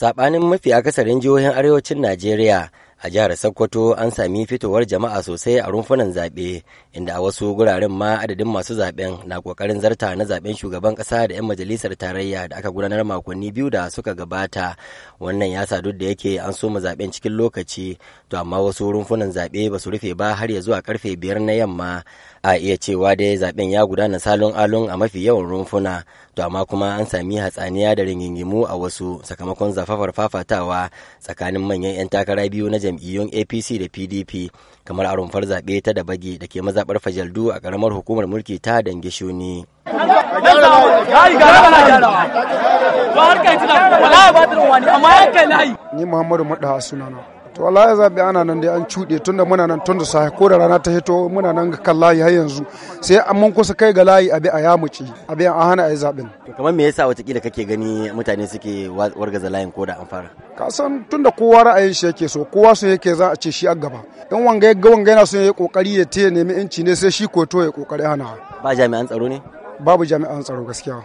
Saɓanin mafi akasarin jihohin arewacin Najeriya a jihar Sokoto an sami fitowar jama'a sosai a rumfunan zaɓe inda a wasu guraren ma adadin masu zaɓen na ƙoƙarin zarta na zaɓen shugaban ƙasa da 'yan majalisar tarayya da aka gudanar makonni biyu da suka gabata wannan ya sa duk da yake an soma zaɓen cikin lokaci to amma wasu rumfunan zaɓe ba su rufe ba har ya zuwa karfe biyar na yamma a iya cewa dai zaben ya gudana salon alun a mafi yawan rumfuna to amma kuma an sami hatsaniya da rigingimu a wasu sakamakon zafafar fafatawa tsakanin manyan 'yan takara biyu na jam'iyyun apc da pdp kamar a rumfar zaɓe ta da bagi da ke mazaɓar fajaldu a ƙaramar hukumar mulki ta dangi shuni ni muhammadu maɗa sunana to wallahi zabe ana nan dai an cuɗe da muna nan tun da safe ko da rana ta hito muna nan kan layi har yanzu sai an mun kusa kai ga layi abi a yamuci abi an hana ai zabin kamar me yasa watakila kake gani mutane suke wargaza layin ko da an fara ka san tun da kowa ra'ayin shi yake so kowa so yake za a ce shi a gaba in wanga ya ga wanga yana so ya kokari ya taya nemi inci ne sai shi ko to ya kokari hana ba jami'an tsaro ne babu jami'an tsaro gaskiya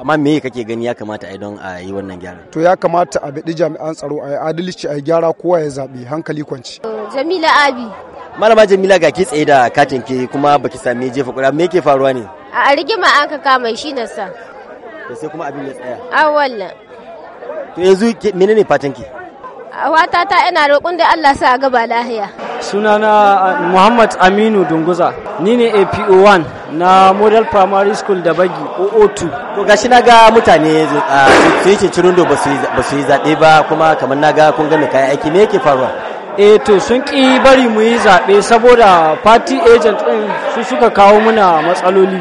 amma me kake gani ya kamata a yi don a yi wannan gyara to ya kamata a bidi jami'an tsaro a yi adalci a gyara kowa ya zaɓi hankali kwanci jamila abi malama jamila ga ki tsaye da katin ke kuma baki sami jefa kura me ke faruwa ne a rigima an ka kama shi na sa da sai kuma abin ya tsaya a wallan to yanzu menene fatan ki wata ta ina roƙon da Allah sa a gaba lahiya sunana uh, muhammad aminu dunguza ni ne apo1 na model primary school da bagi oo2 to gashi na ga mutane ah, su yi Cirundo ba su yi zaɓe ba kuma kamar na ga kun gami kayan aiki ne yake faruwa e to sun ƙi bari mu yi zaɓe saboda party agent ɗin su suka kawo muna matsaloli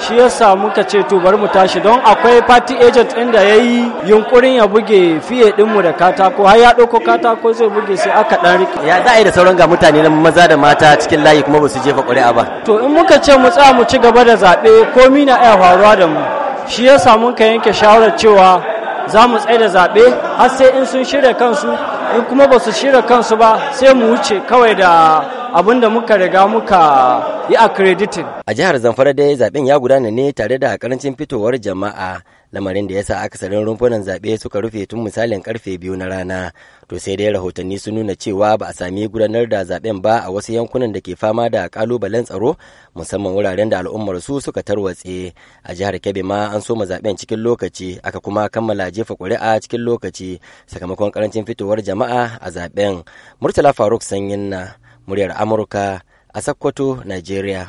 shi yasa muka ce to bari mu tashi don akwai party agent ɗin da ya yi yunkurin ya buge fiye ɗinmu da katako har ya ɗauko katako zai buge sai aka ɗan rike. ya za a da sauran ga mutane na maza da mata cikin layi kuma ba su jefa ƙuri'a ba. to in muka ce mu tsaya mu ci gaba da zaɓe komi na iya faruwa da mu shi yasa mun ka yanke shawarar cewa za mu tsaye da zaɓe har sai in sun shirya kansu in kuma ba su shirya kansu ba sai mu wuce kawai da da muka riga muka yi a accrediting. A jihar Zamfara dai zaɓen ya gudana ne tare da karancin fitowar jama'a lamarin da ya sa akasarin rumfunan zaɓe suka rufe tun misalin karfe biyu na rana to sai dai rahotanni sun nuna cewa ba a sami gudanar da zaɓen ba a wasu yankunan da ke fama da ƙalubalen tsaro musamman wuraren da al'ummar su suka tarwatse a jihar kebbi ma an soma zaɓen cikin lokaci aka kuma kammala jefa ƙuri'a cikin lokaci sakamakon karancin fitowar jama'a a zaɓen murtala faruk sanyin na muryar amurka a sakkwato nigeria